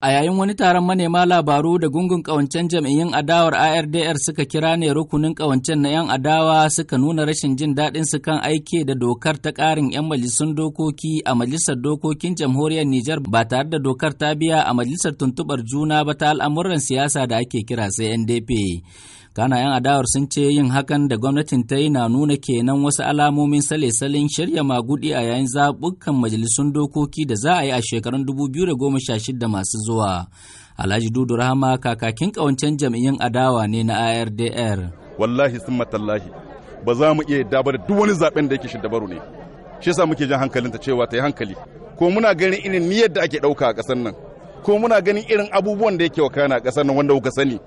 A yayin wani taron manema labaru da gungun ƙawancen jam'iyyun adawar ARDR suka kira ne rukunin ƙawancen na 'yan adawa suka nuna rashin jin daɗin su kan aike da dokar ta ƙarin 'yan majalisun dokoki a majalisar dokokin jamhuriyar Nijar ba tare da dokar ta biya a majalisar tuntuɓar juna ba ta al'amuran siyasa da ake kira NDP. Kana 'yan adawar sun ce yin hakan da gwamnatin ta yi na nuna kenan wasu alamomin sale-salen shirya magudi a yayin zaɓukan majalisun dokoki da za a yi a shekarun 2016 masu zuwa. Alhaji Dudu Rahama kakakin ƙawancen jam'iyyun adawa ne na ARDR. Wallahi sun matallahi ba za mu iya yadda ba da duk wani zaɓen da yake shi dabaru ne. Shi yasa muke jan ta cewa ta yi hankali. Ko muna ganin irin niyyar da ake ɗauka a ƙasar nan. Ko muna ganin irin abubuwan da yake wakana a ƙasar nan wanda kuka sani.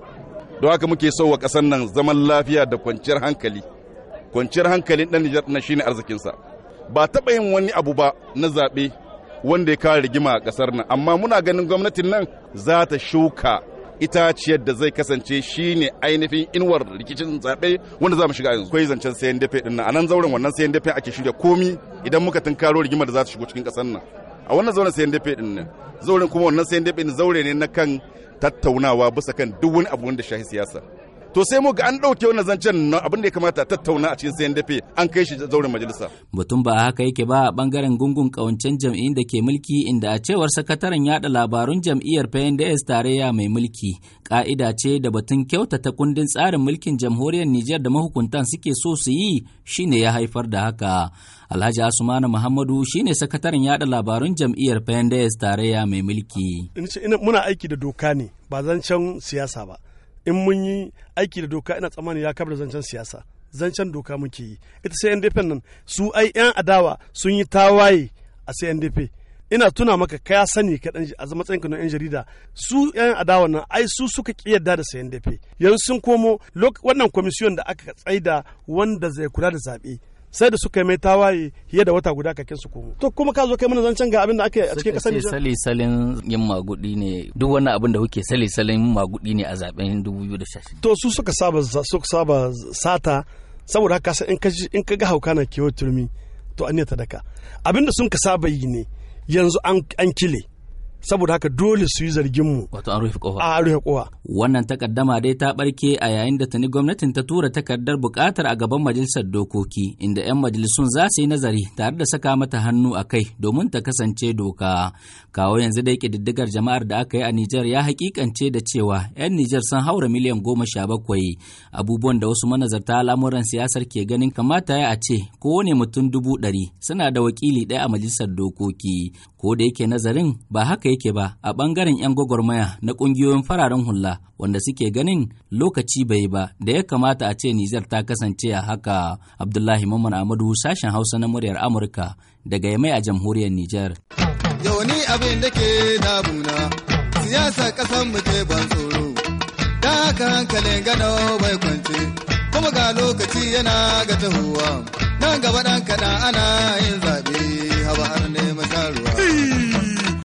don haka muke so wa kasar nan zaman lafiya da kwanciyar hankali kwanciyar hankalin ɗan nijar na shine arzikinsa ba taɓa yin wani abu ba na zaɓe wanda ya kawo rigima a ƙasar nan amma muna ganin gwamnatin nan za ta shuka itaciyar da zai kasance shine ainihin inwar rikicin zaɓe wanda za mu shiga yanzu kai zancen sayan dafe ɗin nan a nan zauren wannan sayan dafe ake shirya komi idan muka tunkaro rigima da za ta shigo cikin ƙasar nan a wannan zauren sayan dafe din nan zauren kuma wannan sayan dafe din zaure ne na kan tattaunawa bisa kan duk wani abu wanda shahi siyasa to sai mu ga an ɗauke wannan zancen na abin da ya kamata tattauna a cikin sayan dafe an kai shi zauren majalisa. Batun ba haka yake ba a bangaren gungun kawancen jam'iyyun da ke mulki inda a cewar sakataren yada labarun jam'iyyar PNDS tarayya mai mulki ka'ida ce da batun kyautata kundin tsarin mulkin jamhuriyar Nijar da mahukuntan suke so su yi shine ya haifar da haka. Alhaji Asumana Muhammadu shine sakataren yada labarun jam'iyyar PNDS tarayya mai mulki. Muna aiki da doka ne ba zancen siyasa ba. in mun yi aiki da doka ina tsammani ya kabar zancen siyasa zancen doka muke yi ita sai ndp nan su ai yan adawa sun yi tawaye a sai ndp ina tuna maka kaya sani kaɗan a matsayinka na 'yan jarida su 'yan adawa nan ai su suka kiyarda da sayan ndp yanzu sun komo wannan kwamisiyon da aka tsaida wanda zai kula da zaɓe sai da suka mai tawaye fiye da wata guda kakin su komo to kuma ka zo kai mana zancen ga abin da ake a cikin kasar Nijar sali salin yin magudi ne duk wani abin da kuke sali salin yin magudi ne a zaben 2016 to su suka saba suka saba sata saboda haka sai in ka in ka ga hauka na kewa turmi to an ne ta daka abin da sun ka saba yi ne yanzu an an kile saboda haka dole su yi zargin mu wato an rufe kofa a rufe kofa Wannan takaddama dai ta ɓarke a yayin da tuni gwamnatin ta tura takardar bukatar a gaban majalisar dokoki inda 'yan majalisun za su yi nazari tare da saka mata hannu a kai domin ta kasance doka. Kawo yanzu dai kididdigar jama'ar da aka yi a Nijar ya hakikance da cewa 'yan Nijar sun haura miliyan goma sha bakwai abubuwan da wasu manazarta al'amuran siyasar ke ganin kamata ya a ce kowane mutum dubu ɗari suna da wakili ɗaya a majalisar dokoki. Ko da yake nazarin ba haka yake ba a ɓangaren 'yan gwagwarmaya na ƙungiyoyin fararen hula wanda suke ganin lokaci bai ba da ya kamata a ce Nijar ta kasance a haka Abdullahi Mamman Amadu sashen Hausa na muryar Amurka daga Yamai a jamhuriyar Nijar. Yau ni abin da ke damuna siyasa kasan mu ce ban tsoro da haka hankalin gano bai kwance kuma ga lokaci yana ga tahowa nan gaba dan kaɗan ana yin zaɓe haba har ne masaruwa